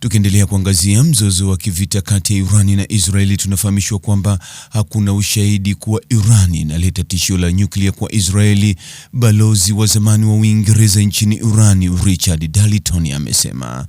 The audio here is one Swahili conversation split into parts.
Tukiendelea kuangazia mzozo wa kivita kati ya Irani na Israeli, tunafahamishwa kwamba hakuna ushahidi kuwa Irani inaleta tishio la nyuklia kwa Israeli. Balozi wa zamani wa Uingereza nchini Irani, Richard Dalton amesema.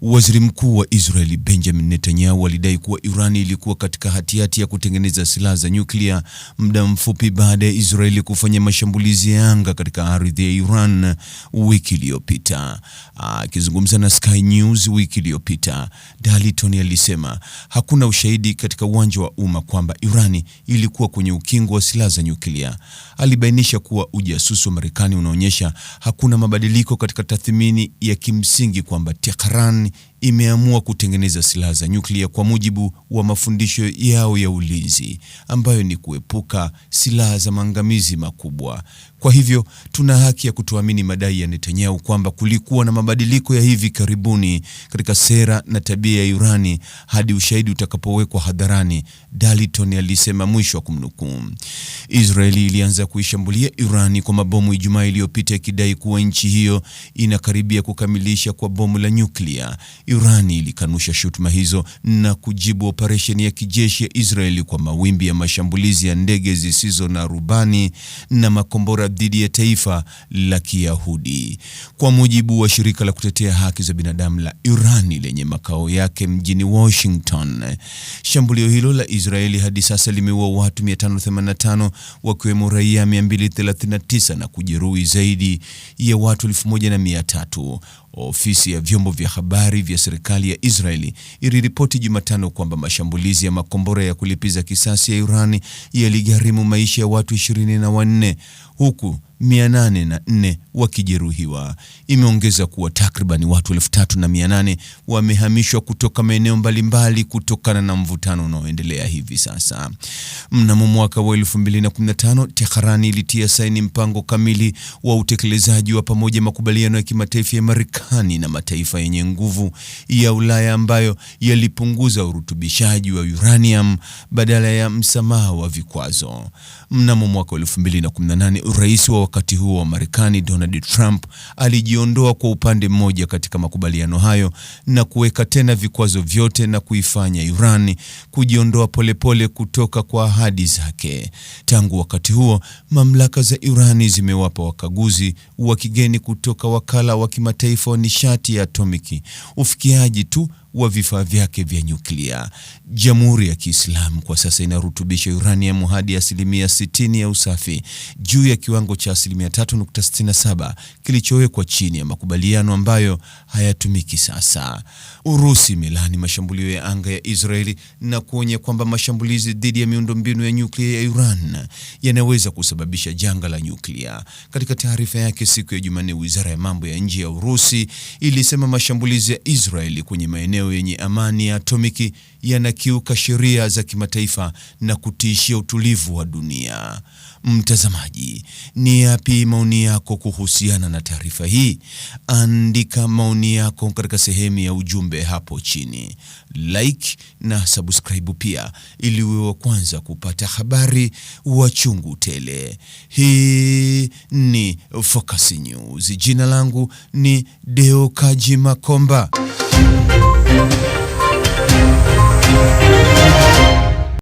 Waziri Mkuu wa Israeli Benjamin Netanyahu alidai kuwa Irani ilikuwa katika hatihati ya kutengeneza silaha za nyuklia muda mfupi baada ya Israeli kufanya mashambulizi ya anga katika ardhi ya Iran wiki iliyopita. Akizungumza na Sky News wiki iliyopita iliyopita. Dalton alisema hakuna ushahidi katika uwanja wa umma kwamba Irani ilikuwa kwenye ukingo wa silaha za nyuklia. Alibainisha kuwa ujasusi wa Marekani unaonyesha hakuna mabadiliko katika tathmini ya kimsingi kwamba Tehran imeamua kutengeneza silaha za nyuklia kwa mujibu wa mafundisho yao ya ulinzi ambayo ni kuepuka silaha za maangamizi makubwa. Kwa hivyo, tuna haki ya kutoamini madai ya Netanyahu kwamba kulikuwa na mabadiliko ya hivi karibuni katika sera na tabia ya Irani hadi ushahidi utakapowekwa hadharani, Dalton alisema, mwisho wa kumnukuu. Israeli ilianza kuishambulia Irani kwa mabomu Ijumaa iliyopita ikidai kuwa nchi hiyo inakaribia kukamilisha kwa bomu la nyuklia Irani ilikanusha shutuma hizo na kujibu operesheni ya kijeshi ya Israeli kwa mawimbi ya mashambulizi ya ndege zisizo na rubani na makombora dhidi ya taifa la Kiyahudi. Kwa mujibu wa shirika la kutetea haki za binadamu la Iran lenye makao yake mjini Washington, shambulio hilo la Israeli hadi sasa limeua watu 585 wakiwemo raia 239 na kujeruhi zaidi ya watu 1300. Ofisi ya vyombo vya habari vya ya serikali ya Israeli iliripoti Jumatano kwamba mashambulizi ya makombora ya kulipiza kisasi ya Iran yaligharimu maisha ya watu 24 na wanne huku 804 wakijeruhiwa. Imeongeza kuwa takribani watu 3800 wamehamishwa kutoka maeneo mbalimbali kutokana na mvutano unaoendelea hivi sasa. Mnamo mwaka wa 2015, Tehran ilitia saini mpango kamili wa utekelezaji wa pamoja makubaliano ya kimataifa ya Marekani na mataifa yenye nguvu ya Ulaya ambayo yalipunguza urutubishaji wa uranium badala ya msamaha wa vikwazo. Mnamo mwaka wa 2018 Rais wa wakati huo wa Marekani Donald Trump alijiondoa kwa upande mmoja katika makubaliano hayo na kuweka tena vikwazo vyote na kuifanya Iran kujiondoa polepole kutoka kwa ahadi zake. Tangu wakati huo, mamlaka za Irani zimewapa wakaguzi wa kigeni kutoka wakala wa kimataifa wa nishati ya atomiki ufikiaji tu wa vifaa vyake vya nyuklia. Jamhuri ya Kiislamu kwa sasa inarutubisha uranium hadi asilimia 60 ya usafi, juu ya kiwango cha asilimia 3.67 kilichowekwa chini ya makubaliano ambayo hayatumiki sasa. Urusi imelaani mashambulio ya anga ya Israeli na kuonya kwamba mashambulizi dhidi ya miundombinu ya nyuklia ya Iran yanaweza kusababisha janga la nyuklia. Katika taarifa yake siku ya Jumanne, wizara ya mambo ya nje ya Urusi ilisema mashambulizi ya Israeli kwenye maeneo maeneo yenye amani ya atomiki yanakiuka sheria za kimataifa na kutishia utulivu wa dunia. Mtazamaji, ni yapi maoni yako kuhusiana na taarifa hii? Andika maoni yako katika sehemu ya ujumbe hapo chini, like na subscribe pia, ili uwe wa kwanza kupata habari wa chungu tele. Hii ni Focus News. Jina langu ni Deo Kaji Makomba.